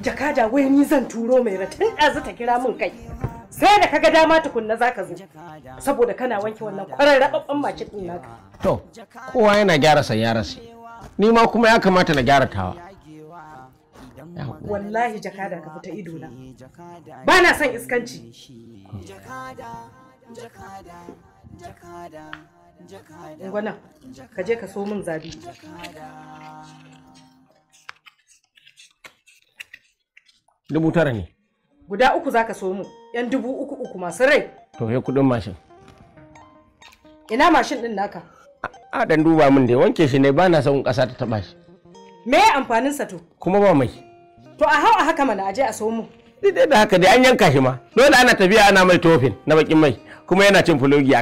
jakada wai ni zan turo mai ratun ɗazu ta kira min kai sai da kaga dama tukunna zaka zo saboda kana wanke wannan kwarar rababban makin din naka to kowa yana gyara sayyararsa ni ma kuma ya kamata na gyara tawa wallahi jakada ka fita ido na ba na son iskanci jakada ka je ka so min zabi dubu tara ne guda uku za ka so mu yan dubu uku uku masu rai to ya kudin mashin ina mashin din naka a dan duba min dai wanke shi ne ba na son kasa ta taba shi me amfanin sa to kuma ba mai to a hau a haka mana aje a so mu dai da haka dai an yanka shi ma dole ana tafiya ana mai tofin na bakin mai kuma yana cin fulogi